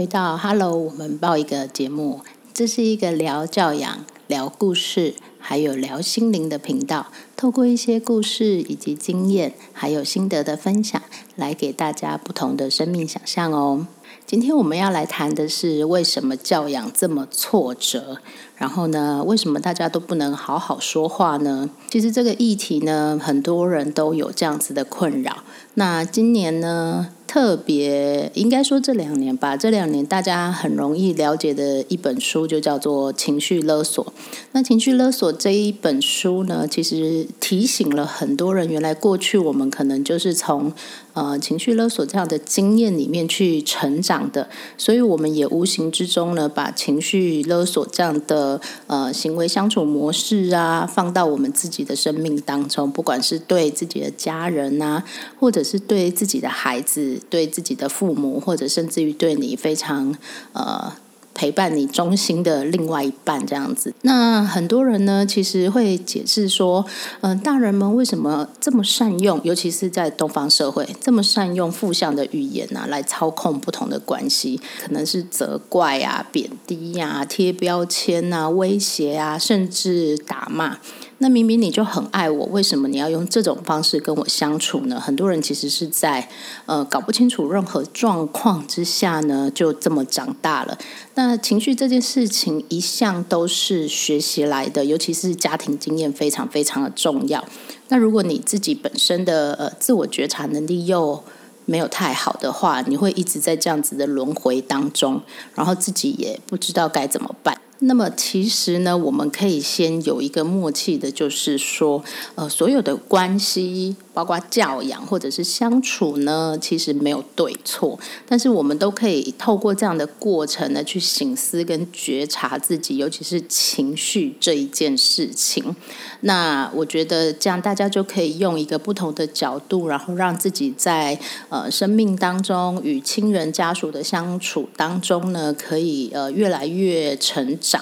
回到 Hello，我們報一個節目，這是一個聊教養、聊故事，還有聊心靈的頻道。透過一些故事以及經驗，還有心得的分享，來給大家不同的生命想象哦。今天我們要來談的是，為什麼教養這麼挫折？然後呢，為什麼大家都不能好好說話呢？其實這個議題呢，很多人都有這樣子的困擾。那今年呢？特別，應該說這兩年吧，這兩年大家很容易了解的一本書就叫做《情緒勒索》。那《情緒勒索》這一本書呢，其實提醒了很多人，原來過去我們可能就是從呃情緒勒索這樣的經驗裡面去成長的，所以我們也無形之中呢，把情緒勒索這樣的呃行為相處模式啊，放到我們自己的生命當中，不管是對自己的家人啊，或者是對自己的孩子。對自己的父母，或者甚至於對你非常呃陪伴你、忠心的另外一半這樣子，那很多人呢，其實會解釋說，嗯、呃，大人們為什麼這麼善用，尤其是在東方社會這麼善用負向的語言呢、啊，來操控不同的關係，可能是責怪啊、貶低啊、貼標籤啊、威脅啊，甚至打罵。那明明你就很愛我，為什麼你要用這種方式跟我相處呢？很多人其實是在呃搞不清楚任何狀況之下呢，就這麼長大了。那情緒這件事情一向都是學習來的，尤其是家庭經驗非常非常的重要。那如果你自己本身的呃自我覺察能力又沒有太好的話，你會一直在這樣子的輪回當中，然後自己也不知道該怎麼辦。那麼，其實呢，我們可以先有一個默契的，就是說，呃，所有的關係，包括教養或者是相處呢，其實沒有對錯，但是我們都可以透過這樣的過程呢，去省思跟覺察自己，尤其是情緒這一件事情。那我覺得這樣大家就可以用一個不同的角度，然後讓自己在呃生命當中與親人家屬的相處當中呢，可以呃越來越成長。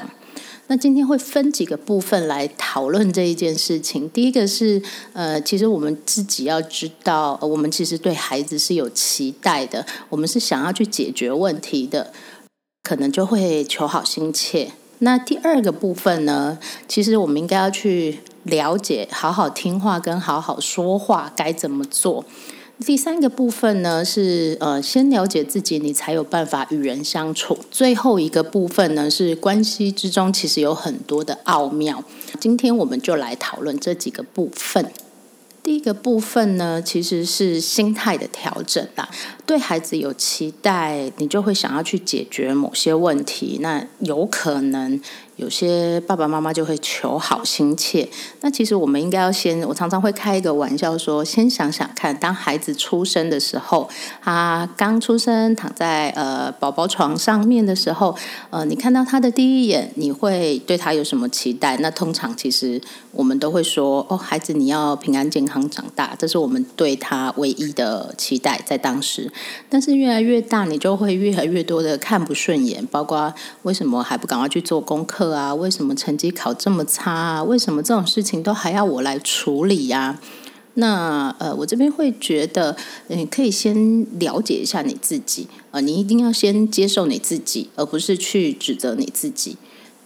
那今天會分幾個部分來討論這一件事情。第一個是，呃，其實我們自己要知道，我們其實對孩子是有期待的，我們是想要去解決問題的，可能就會求好心切。那第二個部分呢，其實我們應該要去了解，好好聽話跟好好說話該怎麼做。第三個部分呢是呃，先了解自己，你才有辦法與人相處。最後一個部分呢是關係之中，其實有很多的奧妙。今天我們就來討論這幾個部分。第一個部分呢，其實是心態的調整啦。對孩子有期待，你就會想要去解決某些問題。那有可能有些爸爸媽媽就會求好心切。那其實我們應該要先，我常常會開一個玩笑說，先想想看，當孩子出生的時候，他剛出生躺在呃寶寶床上面的時候，呃，你看到他的第一眼，你會對他有什麼期待？那通常其實我們都會說，哦，孩子你要平安健康長大，這是我們對他唯一的期待，在當時。但是越來越大，你就會越來越多的看不順眼。包括為什麼還不趕快去做功課啊？為什麼成績考這麼差啊？為什麼這種事情都還要我來處理呀、啊？那呃，我這邊會覺得，你可以先了解一下你自己，呃，你一定要先接受你自己，而不是去指責你自己。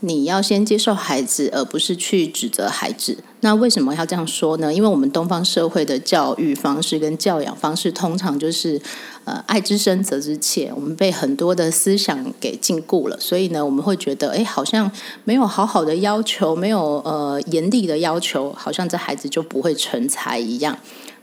你要先接受孩子，而不是去指責孩子。那為什麼要這樣說呢？因為我們東方社會的教育方式跟教養方式，通常就是，呃，愛之深責之切。我們被很多的思想給禁錮了，所以呢，我們會覺得，哎、欸，好像沒有好好的要求，沒有呃嚴厲的要求，好像這孩子就不會成才一樣。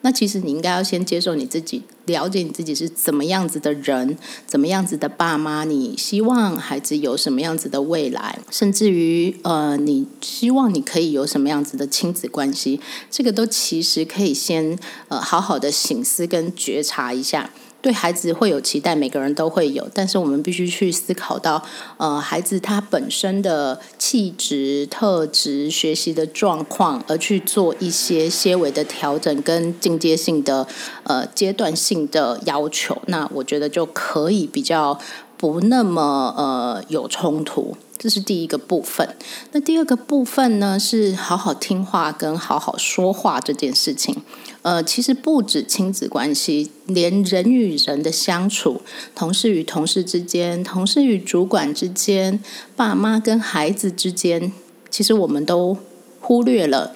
那其實你應該要先接受你自己，了解你自己是怎麼樣子的人，怎麼樣子的爸媽，你希望孩子有什麼樣子的未來，甚至於呃，你希望你可以有什麼樣子的親子關係，這個都其實可以先呃好好的省思跟覺察一下。對孩子會有期待，每個人都會有，但是我們必須去思考到，呃，孩子他本身的氣質、特質、學習的狀況，而去做一些些微的調整跟進階性的、呃，階段性的要求，那我覺得就可以比較不那麼呃有衝突，這是第一個部分。那第二個部分呢，是好好聽話跟好好說話這件事情。呃，其實不止親子關係，連人與人的相處，同事與同事之間，同事與主管之間，爸媽跟孩子之間，其實我們都忽略了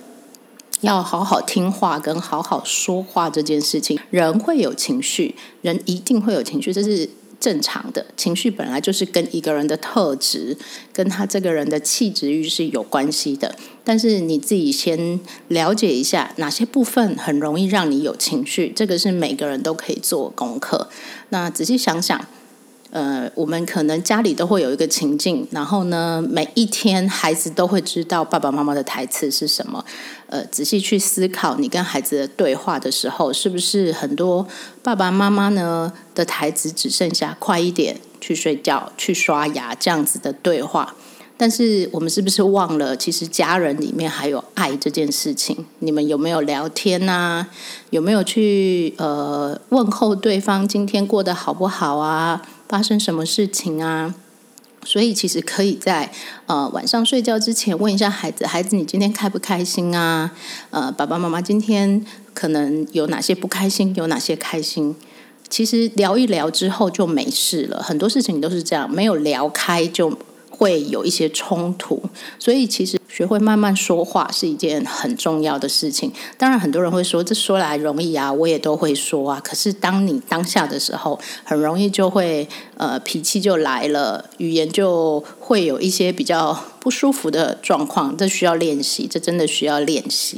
要好好聽話跟好好說話這件事情。人會有情緒，人一定會有情緒，這是。正常的情緒本來就是跟一個人的特質，跟他這個人的氣質、慾是有關係的。但是你自己先了解一下哪些部分很容易讓你有情緒，這個是每個人都可以做功課。那仔細想想。呃，我們可能家裡都會有一個情境，然後呢，每一天孩子都會知道爸爸媽媽的台詞是什麼。呃，仔細去思考，你跟孩子的對話的時候，是不是很多爸爸媽媽呢的台詞只剩下“快一點去睡覺，去刷牙”這樣子的對話？但是我們是不是忘了，其實家人裡面還有愛這件事情？你們有沒有聊天吶啊？有沒有去呃問候對方今天過得好不好啊？發生什麼事情啊？所以其實可以在呃晚上睡覺之前問一下孩子，孩子你今天開不開心啊？呃，爸爸媽媽今天可能有哪些不開心，有哪些開心。其實聊一聊之後就沒事了。很多事情都是這樣，沒有聊開就會有一些衝突，所以其實學會慢慢說話是一件很重要的事情。當然，很多人會說這說來容易啊，我也都會說啊。可是當你當下的時候，很容易就會呃脾氣就來了，語言就會有一些比較不舒服的狀況。這需要練習，這真的需要練習。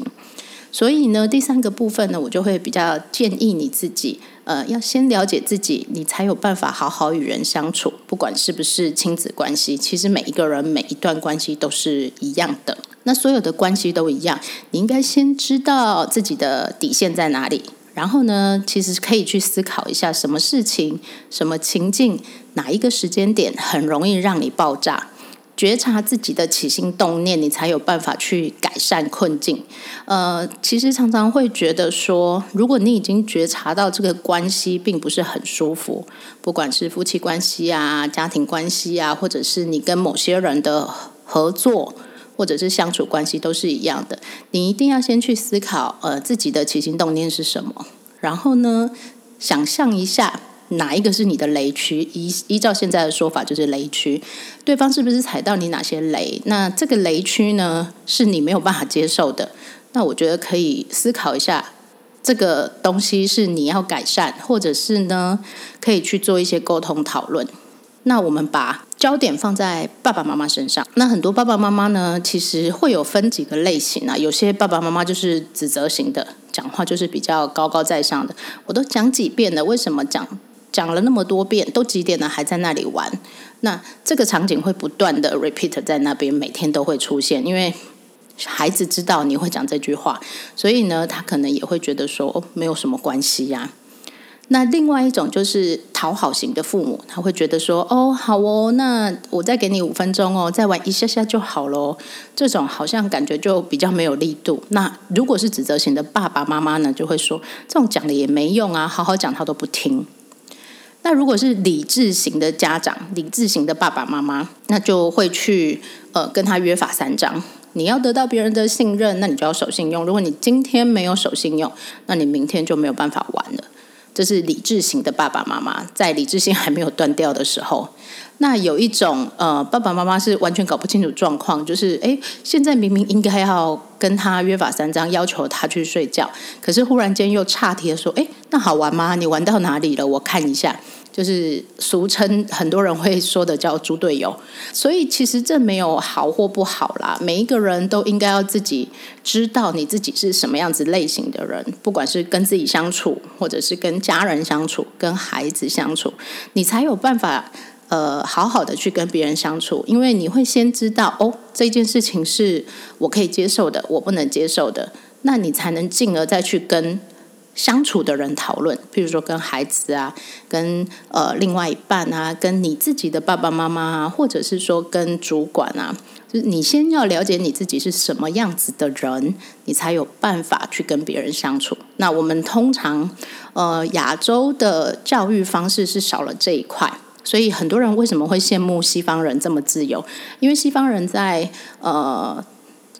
所以呢，第三個部分呢，我就會比較建議你自己。呃，要先了解自己，你才有辦法好好與人相處。不管是不是親子關係，其實每一個人每一段關係都是一樣的。那所有的關係都一樣，你應該先知道自己的底線在哪裡。然後呢，其實可以去思考一下，什麼事情、什麼情境、哪一個時間點，很容易讓你爆炸。覺察自己的起心動念，你才有辦法去改善困境。呃，其實常常會覺得說，如果你已經覺察到這個關係並不是很舒服，不管是夫妻關係啊、家庭關係啊，或者是你跟某些人的合作或者是相處關係都是一樣的，你一定要先去思考，呃，自己的起心動念是什麼，然後呢，想象一下。哪一個是你的雷區？依依照現在的說法，就是雷區。對方是不是踩到你哪些雷？那這個雷區呢，是你沒有辦法接受的。那我覺得可以思考一下，這個東西是你要改善，或者是呢，可以去做一些溝通討論。那我們把焦點放在爸爸媽媽身上。那很多爸爸媽媽呢，其實會有分幾個類型啊，有些爸爸媽媽就是指責型的，講話就是比較高高在上的。我都講幾遍了，為什麼講？講了那麼多遍，都幾點了，還在那裡玩？那這個場景會不斷地 repeat 在那邊，每天都會出現。因為孩子知道你會講這句話，所以呢，他可能也會覺得說，哦，沒有什麼關係呀。那另外一種就是討好型的父母，他會覺得說，哦，好哦，那我再給你五分鐘哦，再玩一下下就好了。這種好像感覺就比較沒有力度。那如果是指責型的爸爸媽媽呢，就會說，這種講了也沒用啊，好好講他都不聽。那如果是理智型的家長，理智型的爸爸媽媽，那就會去呃跟他約法三章。你要得到別人的信任，那你就要守信用。如果你今天沒有守信用，那你明天就沒有辦法玩了。這是理智型的爸爸媽媽，在理智性還沒有斷掉的時候，那有一種呃，爸爸媽媽是完全搞不清楚狀況，就是哎，現在明明應該要跟他約法三章，要求他去睡覺，可是忽然間又岔題說，哎，那好玩嗎？你玩到哪裡了？我看一下。就是俗稱，很多人會說的叫“豬隊友”，所以其實這沒有好或不好啦。每一個人都應該要自己知道你自己是什麼樣子類型的人，不管是跟自己相處，或者是跟家人相處、跟孩子相處，你才有辦法呃好好的去跟別人相處，因為你會先知道哦，這件事情是我可以接受的，我不能接受的，那你才能進而再去跟。相處的人討論，譬如說跟孩子啊，跟呃另外一半啊，跟你自己的爸爸媽媽啊，或者是說跟主管啊，就是你先要了解你自己是什麼樣子的人，你才有辦法去跟別人相處。那我們通常呃亞洲的教育方式是少了這一塊，所以很多人為什麼會羨慕西方人這麼自由？因為西方人在呃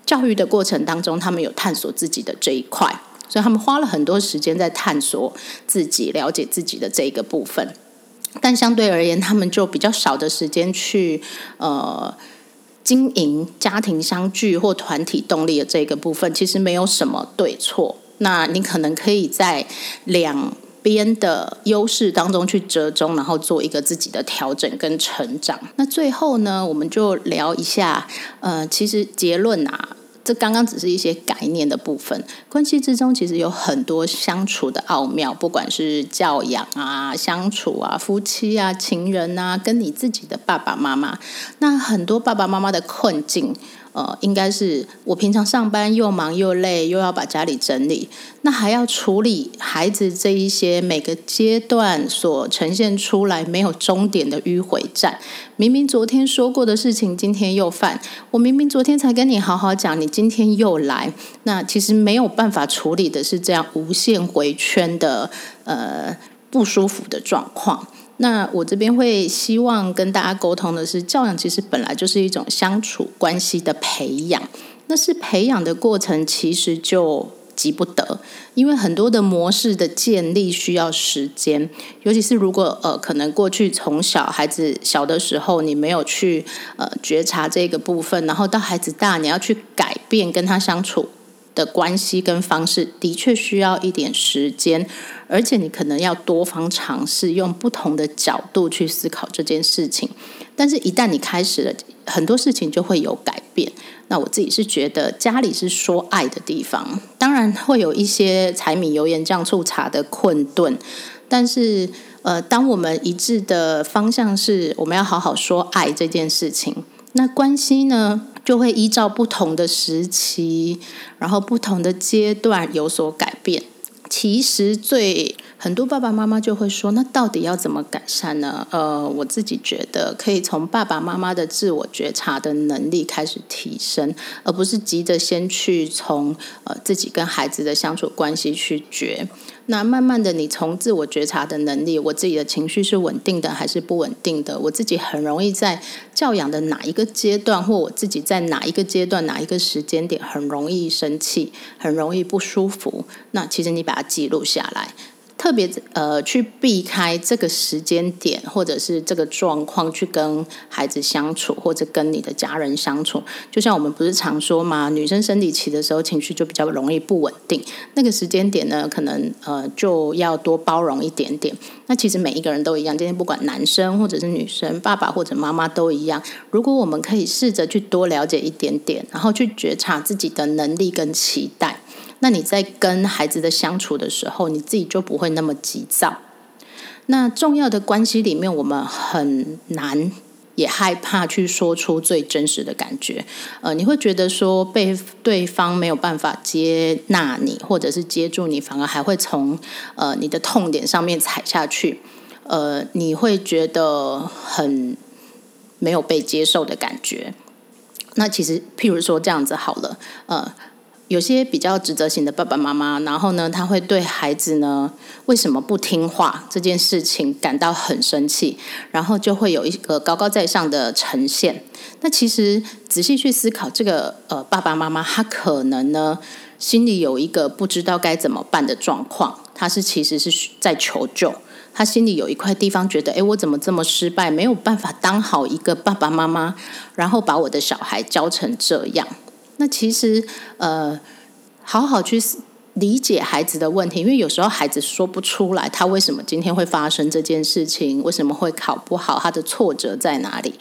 教育的過程當中，他們有探索自己的這一塊。所以他們花了很多時間在探索自己、了解自己的這個部分，但相對而言，他們就比較少的時間去呃經營家庭相聚或團體動力的這個部分。其實沒有什麼對錯，那你可能可以在兩邊的優勢當中去折中，然後做一個自己的調整跟成長。那最後呢，我們就聊一下，呃，其實結論啊。這剛剛只是一些概念的部分，關係之中其實有很多相處的奧妙，不管是教養啊、相處啊、夫妻啊、情人啊，跟你自己的爸爸媽媽，那很多爸爸媽媽的困境。呃，應該是我平常上班又忙又累，又要把家裡整理，那還要處理孩子這一些每個階段所呈現出來沒有終點的迂回戰。明明昨天說過的事情，今天又犯；我明明昨天才跟你好好講，你今天又來。那其實沒有辦法處理的是這樣無限回圈的呃不舒服的狀況。那我這邊會希望跟大家溝通的是，教養其實本來就是一種相處關係的培養，那是培養的過程，其實就急不得，因為很多的模式的建立需要時間，尤其是如果呃，可能過去從小孩子小的時候你沒有去呃覺察這個部分，然後到孩子大，你要去改變跟他相處。的關係跟方式的確需要一點時間，而且你可能要多方嘗試，用不同的角度去思考這件事情。但是，一旦你開始了，很多事情就會有改變。那我自己是覺得家裡是說愛的地方，當然會有一些柴米油鹽醬醋茶的困頓，但是呃，當我們一致的方向是我們要好好說愛這件事情，那關係呢，就會依照不同的時期，然後不同的階段有所改變。其實最。很多爸爸媽媽就會說：“那到底要怎麼改善呢？”呃，我自己覺得可以從爸爸媽媽的自我覺察的能力開始提升，而不是急着先去從呃自己跟孩子的相處關係去覺。那慢慢的，你從自我覺察的能力，我自己的情緒是穩定的還是不穩定的？我自己很容易在教養的哪一個階段，或我自己在哪一個階段、哪一個時間點很容易生氣，很容易不舒服。那其實你把它記錄下來。特別呃，去避開這個時間點，或者是這個狀況，去跟孩子相處，或者跟你的家人相處。就像我們不是常說嘛，女生生理期的時候，情緒就比較容易不穩定。那個時間點呢，可能呃，就要多包容一點點。那其實每一個人都一樣，今天不管男生或者是女生，爸爸或者媽媽都一樣。如果我們可以試着去多了解一點點，然後去覺察自己的能力跟期待。那你在跟孩子的相處的時候，你自己就不會那麼急躁。那重要的關係裡面，我們很難也害怕去說出最真實的感覺。呃，你會覺得說被對方沒有辦法接納你，或者是接住你，反而還會從呃你的痛點上面踩下去。呃，你會覺得很沒有被接受的感覺。那其實，譬如說這樣子好了，呃。有些比較指責型的爸爸媽媽，然後呢，他會對孩子呢，為什麼不聽話這件事情感到很生氣，然後就會有一個高高在上的呈現。那其實仔細去思考，這個呃爸爸媽媽他可能呢，心裡有一個不知道該怎麼辦的狀況，他是其實是在求救。他心裡有一塊地方覺得，哎，我怎麼這麼失敗，沒有辦法當好一個爸爸媽媽，然後把我的小孩教成這樣。那其實，呃，好好去理解孩子的問題，因為有時候孩子說不出來他為什麼今天會發生這件事情，為什麼會考不好，他的挫折在哪裡？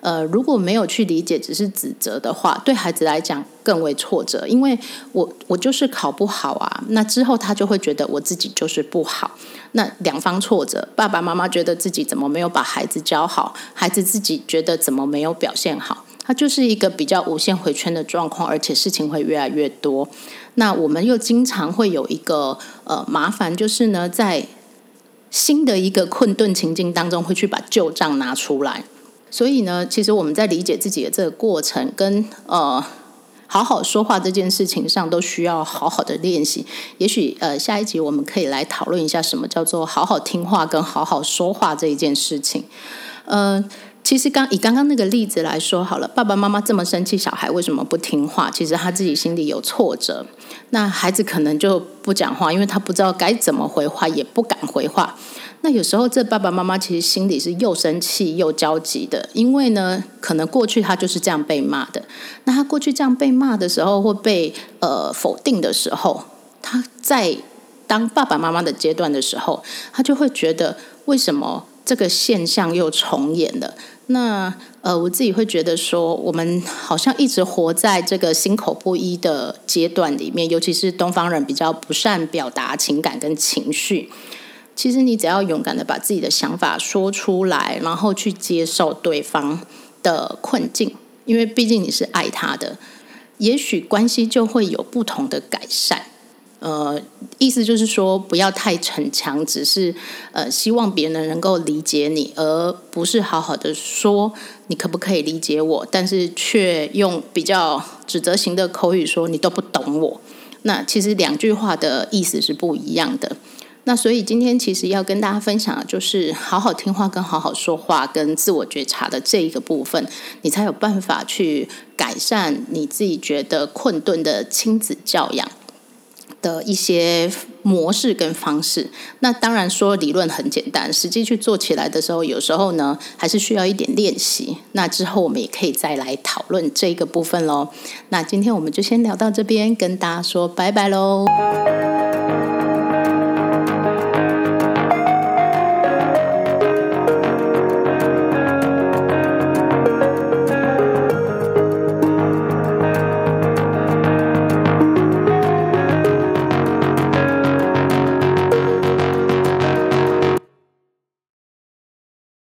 呃，如果沒有去理解，只是指責的話，對孩子來講更為挫折。因為我我就是考不好啊，那之後他就會覺得我自己就是不好。那兩方挫折，爸爸媽媽覺得自己怎麼沒有把孩子教好，孩子自己覺得怎麼沒有表現好。它就是一個比較無限回圈的狀況，而且事情會越來越多。那我們又經常會有一個呃麻煩，就是呢，在新的一個困頓情境當中，會去把舊賬拿出來。所以呢，其實我們在理解自己的這個過程，跟呃好好說話這件事情上，都需要好好的練習。也許呃下一集我們可以來討論一下什麼叫做好好聽話跟好好說話這一件事情。嗯、呃。其實剛，剛以剛剛那個例子來說好了，爸爸媽媽這麼生氣，小孩為什麼不聽話？其實他自己心裡有挫折，那孩子可能就不講話，因為他不知道該怎麼回話，也不敢回話。那有時候，這爸爸媽媽其實心裡是又生氣又焦急的，因為呢，可能過去他就是這樣被罵的。那他過去這樣被罵的時候，會被呃否定的時候，他在當爸爸媽媽的階段的時候，他就會覺得為什麼？這個現象又重演了。那呃，我自己會覺得說，我們好像一直活在這個心口不一的階段裡面，尤其是東方人比較不善表達情感跟情緒。其實你只要勇敢地把自己的想法說出來，然後去接受對方的困境，因為畢竟你是愛他的，也許關係就會有不同的改善。呃，意思就是說不要太逞強，只是呃希望別人能夠理解你，而不是好好的說你可不可以理解我，但是卻用比較指責型的口語說，你都不懂我。那其實兩句話的意思是不一樣的。那所以今天其實要跟大家分享的就是好好聽話跟好好說話跟自我覺察的這一個部分，你才有辦法去改善你自己覺得困頓的親子教養。的一些模式跟方式，那當然說理論很簡單，實際去做起來的時候，有時候呢還是需要一點練習。那之後我們也可以再來討論這個部分嘍。那今天我們就先聊到這邊，跟大家說拜拜嘍。